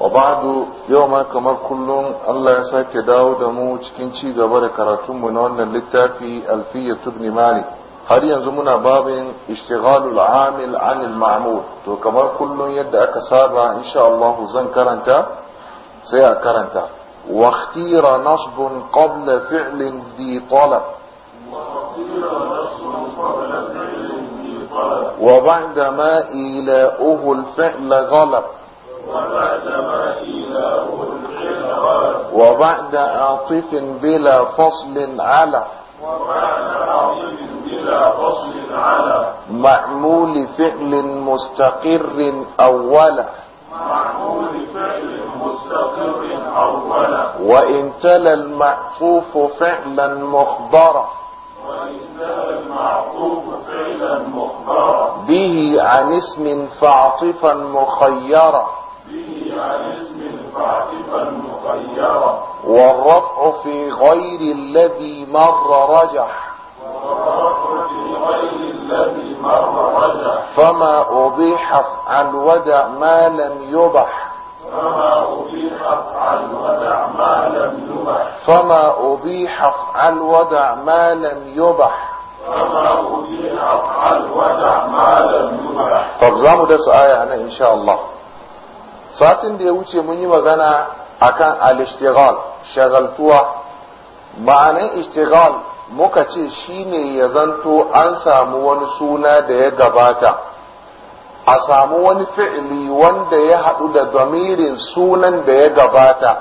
وبعد يوم كما كلهم الله يساك داود موج كنشي قبر كراتم منون للتافي الفية تبني مالك هل ينزمنا باب اشتغال العامل عن المعمول تو كما كلهم يد أكسابا إن شاء الله زن كرنتا سيا كرنتا واختير نصب قبل فعل ذي طلب وبعد ما إيلاؤه الفعل غلب وبعد عاطف بلا فصل على وبعد بلا فصل على معمول فعل مستقر أولا فعل مستقر أولا وإن تلا المعطوف فعلا مخبرا وإن تلا المعطوف فعلا مخبرا به عن اسم فعطفا مخيرا والرفع في غير الذي مر رجح والرفع في غير الذي مر رجح فما أبيح عن ودع ما لم يبح فما أبيح عن ودع ما لم يبح فما أبيح عن ودع ما لم يبح فما أبيح ودع ما لم يبح طب زعموا ده آية سؤال يعني إن شاء الله satin da ya wuce mun yi magana a kan ishtighal shagaltuwa ma'anan ishtighal muka ce shi ne ya zanto an samu wani suna da ya gabata a samu wani fi'ili wanda ya haɗu da zamirin sunan da ya gabata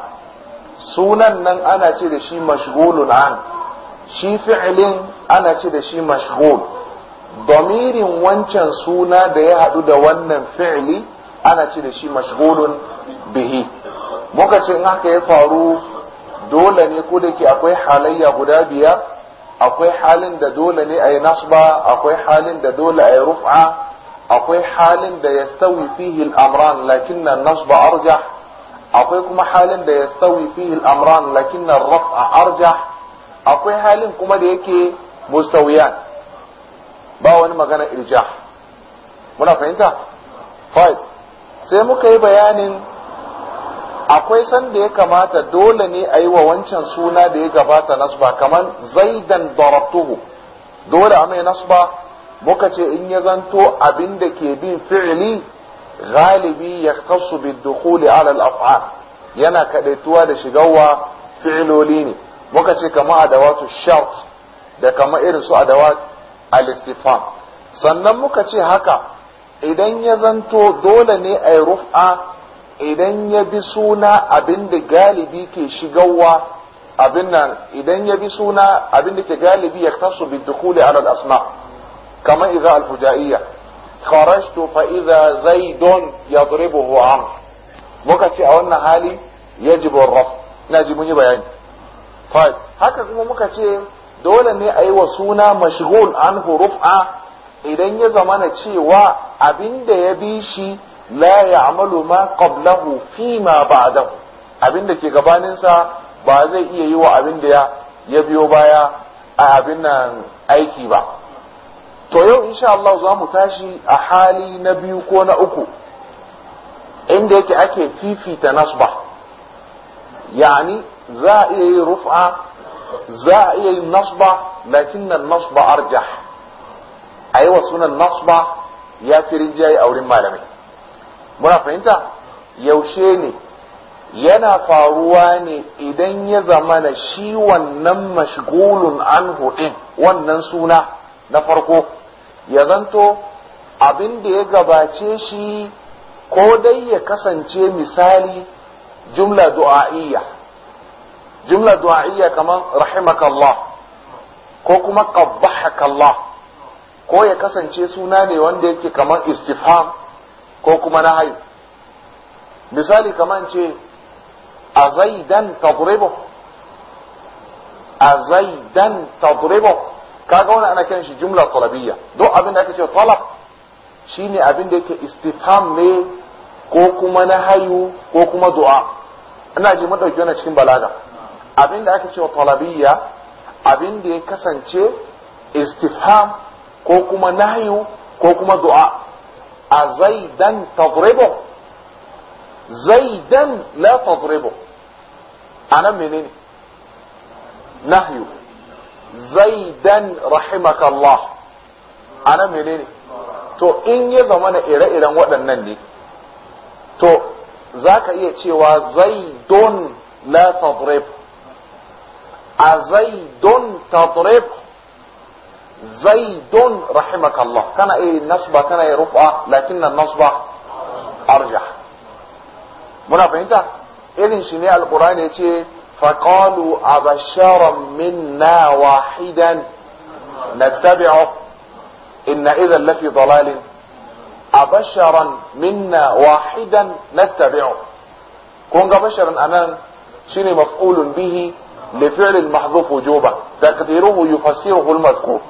sunan nan ana ce da shi mashgulun an shi fi'ilin ana ce da shi mashgul domirin wancan suna da ya haɗu da wannan fi'ili ana ce da shi mashgulun bihi muka ce in haka ya faru dole ne ko da ke akwai halayya guda biyar akwai halin da dole ne a yi nasba akwai halin da dole a yi rufa akwai halin da ya stawi fihi amran lakin na nasba arjah akwai kuma halin da ya stawi fihi amran lakin na rufa arjah akwai halin kuma da yake mustawiyan ba wani magana irja muna fahimta sai muka yi bayanin akwai sanda ya kamata dole ne a yi wa wancan suna da ya gabata nasba kamar zaidan darabtuhu dole a mai nasba muka ce in ya zanto abin da ke bin fi'li galibi ya kasu bin dukhuli ala al-af'al yana kadaituwa da shigarwa fi'iloli ne muka ce kama adawatu shout da kama irin su adawat al-istifham sannan muka ce haka idan ya zanto dole ne a rufa idan ya bi suna abin da galibi ke shigarwa abin nan idan ya bi suna abin da ke galibi ya tasu bi dukuli ala asma kamar idza al-fujaiyya kharajtu fa idza zaidun yadribuhu am muka ce a wannan hali yajibu raf na ji mun yi bayani fa haka kuma muka ce dole ne a yi wa suna mashghul an rufa idan ya zamana cewa abin da ya bi shi la ya'malu ma qablahu fi ma ba'dahu abin da ke gabaninsa ba zai iya yi wa abin da ya biyo baya a abin nan aiki ba to yau insha Allah za mu tashi a hali na biyu ko na uku inda yake ake fifita nasba yani za a iya yi rufa za a iya yi nasba lakin nan nasba arjah a yi wa sunan nasba ya fi rinjaye a wurin malamai muna fahimta yaushe ne yana faruwa ne idan ya zama na shi wannan mashgulun an hudin wannan suna na farko ya zanto abinda ya gabace shi ko dai ya kasance misali jumla du'a'iyya jumla du'a'iyya kamar rahimakallah ko kuma ƙabbahakallah Allah ko ya kasance suna ne wanda yake kamar istifham ko kuma na hayu misali kamar ce a zaidan tadribu a zaidan tadribu kaga wani ana kiran shi jumla talabiyya duk abin da aka ce talab shine abin da yake istifham ne ko kuma na hayu ko kuma du'a ina ji madauki dauki wannan cikin balaga abin da aka ce talabiyya abin da ya kasance istifham ko kuma nahiyu ko kuma du'a a zaidan tadribu zaidan la tadribu anan menene nahiyu zaidan rahimakallah anan menene to in ya zama na ire-iren waɗannan ne to za ka iya cewa zaidun la tadribu a zaidun tadribu زيد رحمك الله كان ايه النصب كان ايه رفعة لكن النصب ارجح منا فهمت ايه انشني القرآن يتي إيه فقالوا ابشرا منا واحدا نتبعه ان اذا لفي ضلال ابشرا منا واحدا نتبعه كون بشرا انا شنو مفعول به لفعل محذوف وجوبا تقديره يفسره المذكور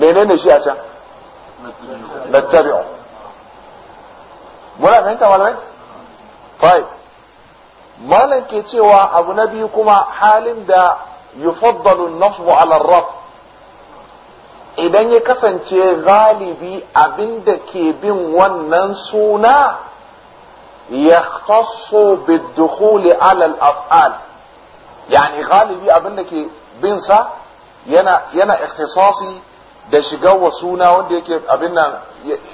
menene shi a can nattabi'u muna fahimta malamai fai malam ke cewa abu na biyu kuma halin da yufaddalu nasbu ala raf idan ya kasance galibi abin da ke bin wannan suna ya taso bidukhuli alal afal yani galibi abin da ke binsa yana yana da shiga wa suna wanda yake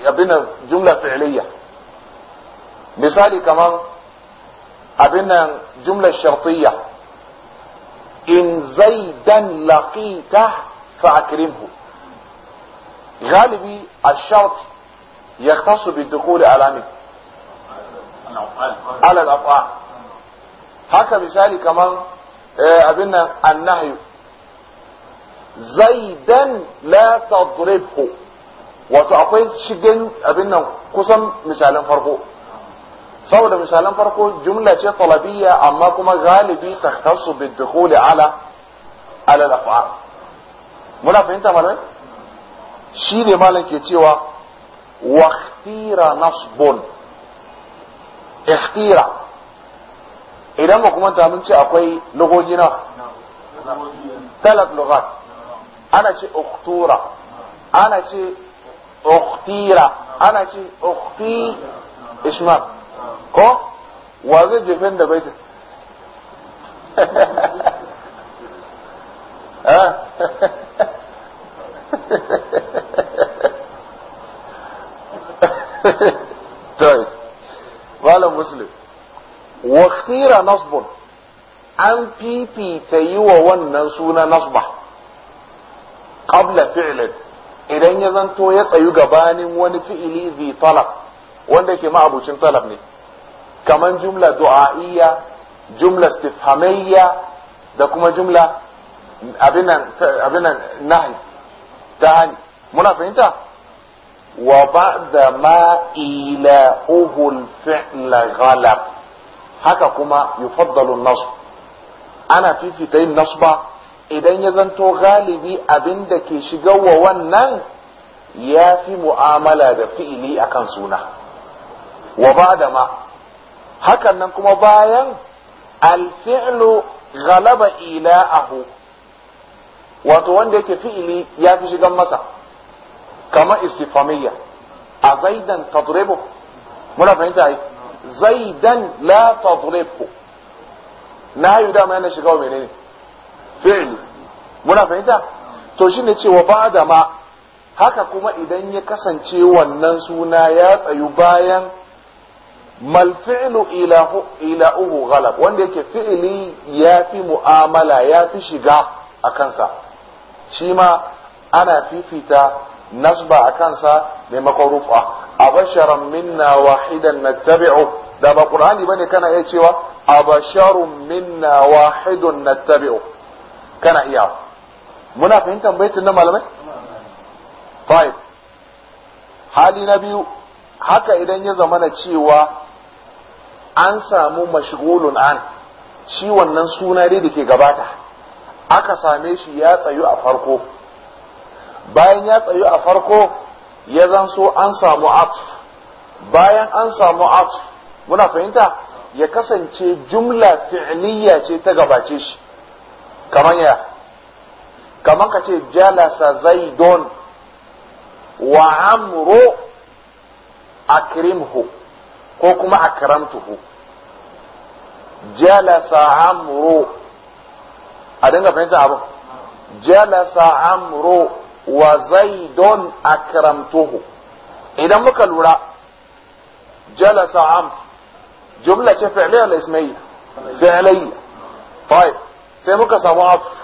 abin nan jumla fi'liya misali kamar abin nan jumla shartiyya in zaidan laqita fa akrimhu galibi الشرط يختص بالدخول على من على الأفعال haka misali kamar abin nan annahi zaidan la tadribhu wato akwai shigen abin nan kusan misalin farko saboda misalin farko jumla ce talabiyya amma kuma galibi takhassu bidukhul ala ala al-af'al muna fahimta malamai shi ne malam ke cewa wa ikhtira nasbun ikhtira idan ba kuma ta mun ce akwai lugogi na talat lugat انا شي اختورة انا شي اختيرة انا شي اختي اسمع كو واځي دې بند بیت طيب ولا مسلم واختير نصب ام بي بي تيو ونسونا نصبح qabla fi'lin idan ya zanto ya tsayu gabanin wani fi'ili zai talab wanda yake ma'abucin talab ne kaman jumla du'a'iyya jumla istifhamiyya da kuma jumla abinan nahi ta hani muna fahimta wa ba'da ma ila uhul fi'la ghalab haka kuma yufaddalu nasb ana fifita yin nasba idan ya zanto galibi abin da ke shigarwa wannan ya fi mu'amala da fi'ili a kan suna wa ba da ma hakan nan kuma bayan alfi'lu galaba ila ahu. wato wanda yake fi'ili ya fi shigan masa kama istifamiyya a zaidan tadribu muna fahimta yi zaidan la tadribu na yi dama yana shiga wa menene fi'li muna fahimta to shine cewa ba da ma haka kuma idan ya kasance wannan suna ya tsayu bayan mal fi'lu ila uhu ghalab wanda yake fi'li ya fi mu'amala ya fi shiga a kansa shi ma ana fifita nasba a kansa maimakon a abasharan minna wahidan nattabi'u da ba qur'ani bane kana iya cewa abasharun minna wahidun nattabi'u kana iya muna fahimtar baitin na malamai five hali na biyu haka idan ya zamana cewa an samu mashigulun an shi wannan suna dai da ke gabata aka same shi ya tsayu a farko bayan ya tsayu a farko ya zan so an samu at bayan an samu at muna fahimta ya kasance jumla fi'liya ce ta gabace shi kaman ya kaman ka ce jalasa zaidon wa amru akrimhu ko kuma akramtuhu jalasa amru a dinga fahimta abu jalasa amru wa zaidon akramtuhu idan muka lura jalasa amru جملة فعلية ولا اسمية؟ فعلية طيب sai muka samu atfu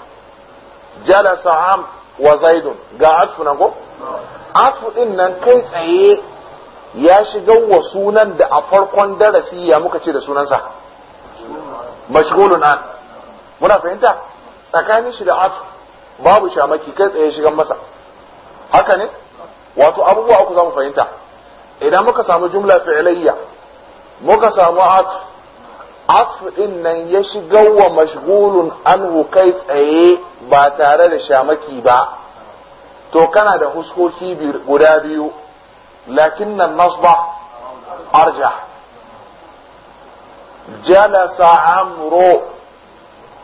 jalasa am wa zaidun ga atfu nan ko atfu din nan kai tsaye ya shiga wa sunan da a farkon darasi ya muka ce da sunansa mashghulun an muna fahimta tsakanin shi da atfu babu shamaki kai tsaye shigan masa haka ne wato abubuwa uku za mu fahimta idan muka samu jumla fi'iliyya muka samu atfu asfu din nan ya shiga wa mashgulun anhu kai tsaye ba tare da shamaki ba to kana da huskoki guda biyu lakin nan nasba arja jalasa amro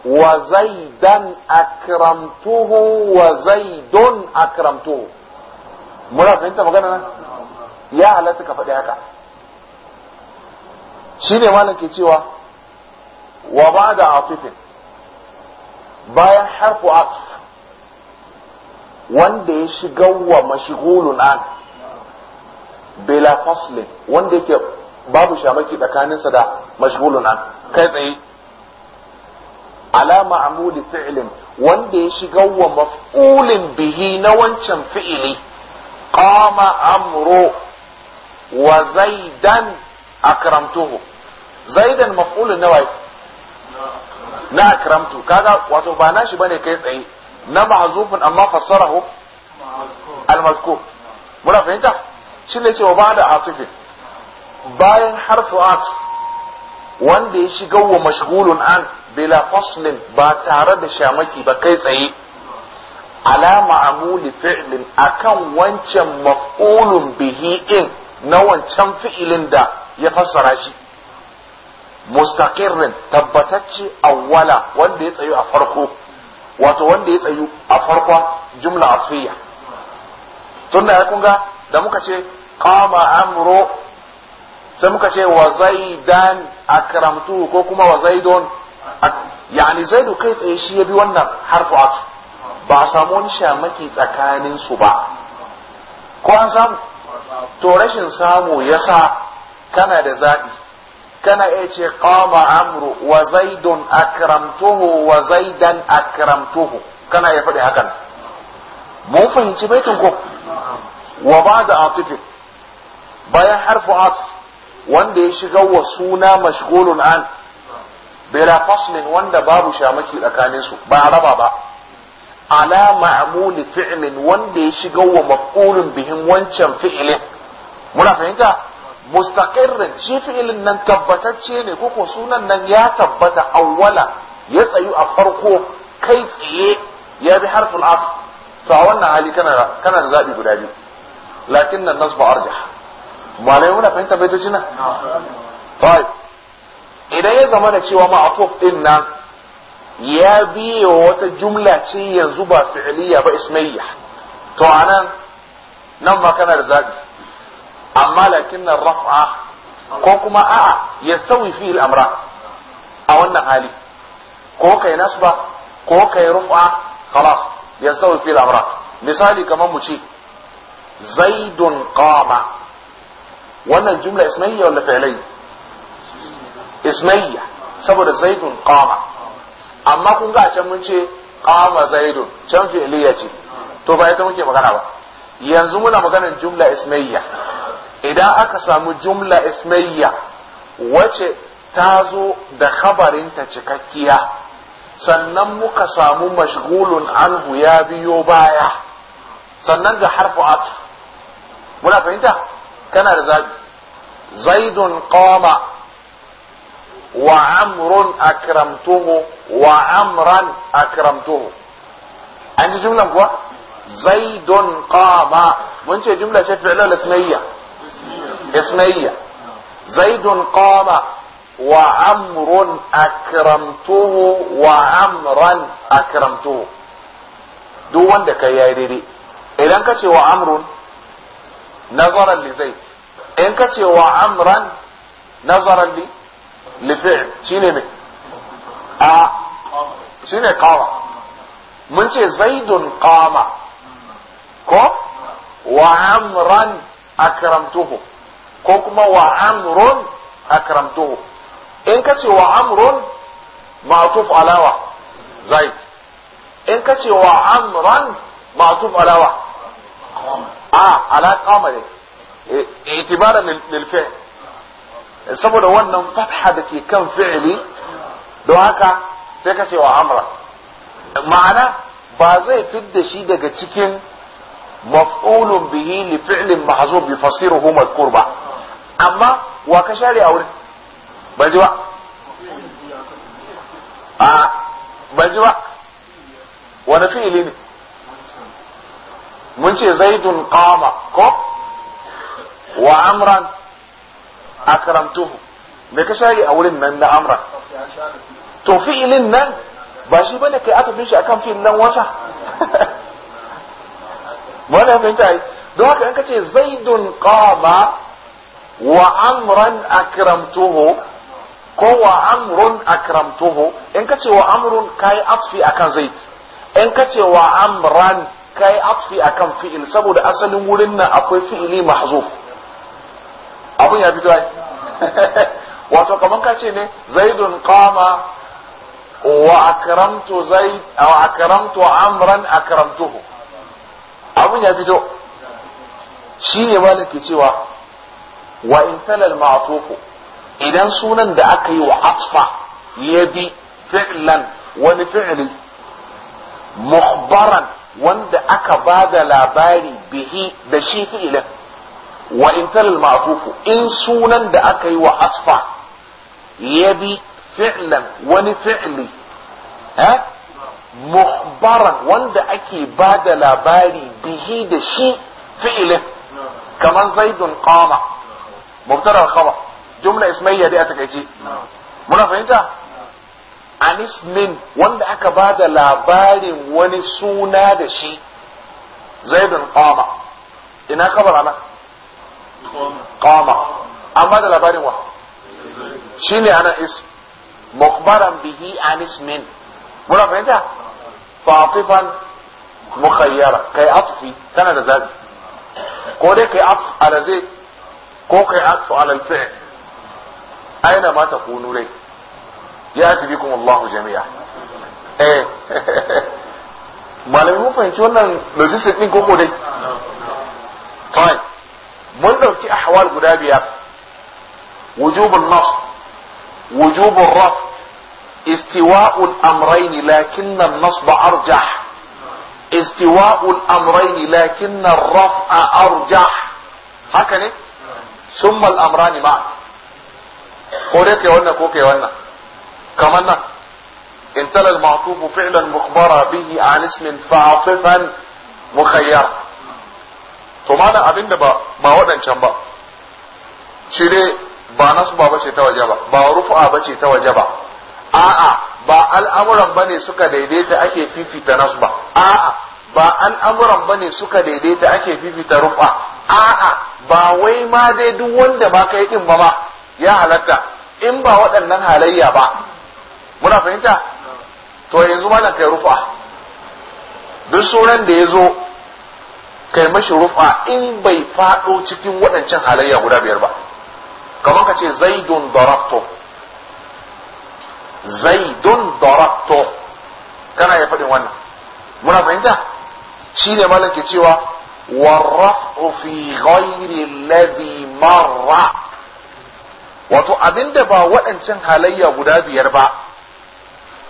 wa zaidan akramtuhu wa zaidun akramtuhu muna fahimta magana nan ya halatta ka faɗi haka shi ne malam ke cewa wa ba da atifin bayan harfu atif wanda ya shiga wa mashigulun bela faslin wanda yake babu shamaki tsakaninsa da mashigulun kai tsaye ala ma'amuli fi'ilin wanda ya shiga wa maf'ulin bihi na wancan fi'ili kama amro, wa zaidan akramtuhu zaidan maf'ulun nawayi na akramtu kaga wato ba nashi bane kai tsaye na ma'zufun amma fassarahu al-mazkur muna fahimta ne cewa ba da atifin bayan harfu atif wanda ya shiga wa mashghulun an bila faslin ba tare da shamaki ba kai tsaye ala ma'amuli fi'lin akan wancan maf'ulun bihi in na wancan fi'ilin da ya fassara shi mustaqirrin tabbatacce awwala wanda ya tsayu a farko wato wanda ya tsayu a farko jumla afiya da ya kunga da muka ce qama amru sai muka ce wa zaidan akramtu ko kuma wa zaidun yani zaidu kai tsaye shi ya bi wannan harfu atu ba a samu wani shamaki tsakanin su ba ko an samu to rashin samu yasa kana da zaɓi kana iya ce qama amru wa zaidun akramtuhu wa zaidan akramtuhu kana iya faɗi hakan mun fahimci baitin ko wa ba'da atif bayan harfu at wanda ya shiga wa suna mashghulun an bila faslin wanda babu shamaki tsakanin su ba raba ba ala ma'muli fi'lin wanda ya shiga wa maf'ulun bihin wancan fi'lin muna fahimta mustaqirrin shi fi'ilin nan tabbatacce ne koko sunan nan ya tabbata awwala ya tsayu a farko kai tsaye ya bi harful af to a wannan hali kana da zabi guda biyu lakin nan nasbu arjah malai muna fahimta baitoci nan fai. idan ya zama da cewa ma'atuf din nan ya biye wata jumla ce yanzu ba fi'liya ba ismayya to anan nan ma kana da zabi amma lakin nan raf'a ko kuma a'a ya sauyi al-amra a wannan hali ko kai nasba ko kai rufa khalas ya sauyi al-amra misali kamar mu ce zaidun qama wannan jumla ismiyya wala fi'liyya ismiyya saboda zaidun qama amma kun ga can mun ce qama zaidun can fi'liyya ce to ba ya ita muke magana ba yanzu muna maganar jumla ismiyya idan aka samu jumla ismayya wace ta zo da khabarinta cikakkiya sannan muka samu mashgulun anhu ya biyo baya sannan ga harfu atf muna fahimta kana da zabi zaidun qama wa amrun akramtuhu wa amran akramtuhu an ji jumlan kuwa zaidun qama mun ce jumla ce fi'lan ismayya اثنية زيد قام وعمر أكرمته وعمرا أكرمته duk wanda kai yayi daidai idan ka ce wa amrun nazaran li zaid in ka ce wa amran nazaran li li fi'l shine me a shine mun ce zaidun qama ko wa amran akramtuhu ko kuma wa amrun akramtuhu in ka ce wa amrun ma'tuf alawa zaid in ka ce wa amran ma'tuf alawa a ala qama ne eh, itibara lil fi'l saboda wannan fatha da ke kan fi'li don haka sai ka ce wa amra ma'ana ba zai fidda shi daga cikin maf'ulun bihi li fi'lin mahzub yufassiruhu madhkur ba amma wa ka share a wurin ban ji ba a ban ji ba wani fi'ili ne mun ce zaidun qama ko wa amran akramtuhu me ka share a wurin nan na amran to fi'ilin nan ba shi bane kai aka fi shi akan fi'ilin nan wata. wannan fahimta ai don haka in ka ce zaidun qama wa amran akramtuhu ko wa amrun akramtuhu in kace wa amrun kai atfi akan zaid in kace wa amran kai atfi akan fi'il saboda asalin wurin nan akwai fi'ili mahzuf Abu ya fito ai wato kaman ka ce ne zaidun qama wa akramtu zaid aw akramtu amran akramtuhu abu ya fito shi ne malaki cewa wa in talal idan sunan da aka yi wa atfa ya bi fi'lan wani fi'li mukhbaran wanda aka ba da labari bihi da shi fi'ilin wa in talal in sunan da aka yi wa atfa ya bi fi'lan wani fi'li eh wanda ake ba da labari bihi da shi fi'ilin kamar zaidun qama mubtada khabar jumla ismaiya dai a takaice muna fahimta an ismin wanda aka ba da labarin wani suna da shi zaidun qama ina kabar ana qama amma da labarin wa shine ana is mukhbaran bihi an ismin muna fahimta fatifan mukhayyara kai atfi kana da zabi ko dai kai atf ala zai كوكي كوقعت على الفعل اين ما تكون لي ياتي بكم الله جميعا ايه ما لم يفهم شو انه لوجيستيك من كوكو لي طيب من دوكي احوال قدابية وجوب النصر وجوب الرفض استواء الامرين لكن النصب ارجح استواء الامرين لكن الرفع ارجح هكذا summa al-amrani ma ko dai kai wannan ko kai wannan kamar nan intala al-ma'tufu fi'lan mukhbara bihi an ismin fa'atifan mukhayyar to malam abinda ba ba wadancan ba shi dai ba nasu ba bace ta waje ba ba rufa bace ta waje ba a'a ba al'amuran bane suka daidaita ake fifita nasu ba a'a ba al'amuran bane suka daidaita ake fifita rufa a'a ba wai ma dai duk wanda ba kai din ba ma ya halatta in ba waɗannan halayya ba muna fahimta to yanzu malam kai rufa duk suran da ya zo kai mashi rufa in bai faɗo cikin waɗancan halayya guda biyar ba kamar ka ce zaidun darabto zaidun darabto kana ya faɗin wannan muna fahimta shi ne malam ke cewa والرفع في غير الذي مر wato abinda ba waɗancan halayya guda biyar ba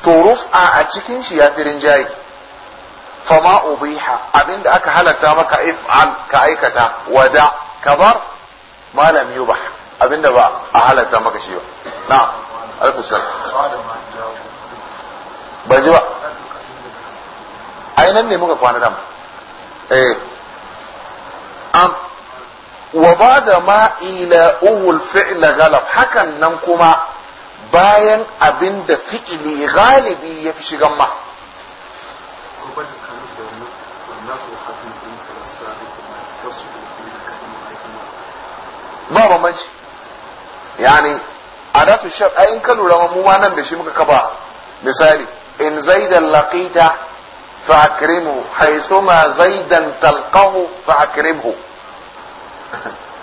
to rufa a cikin shi ya fi rinjaye fama ubiha abinda aka halatta maka if'al ka aikata wada kabar malam yubah abinda ba a halatta maka shi ba na alkusar ba ji ba ainihin ne muka kwana dama eh na'am wa ba da ma'ila uhul fi'la galab hakan nan kuma bayan abin da fi'ili galibi ya fi shigan ma ba bambanci yani adatu shar ayin ka lura mu ma nan da shi muka kafa misali in zaidan laqita fa akrimhu haythuma zaidan talqahu fa akrimhu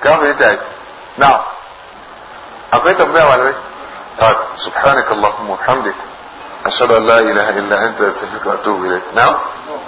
في بيدعي نعم akwai ولا malamai طيب سبحانك اللهم وبحمدك أشهد أن لا إله إلا أنت أستغفرك وأتوب إليك نعم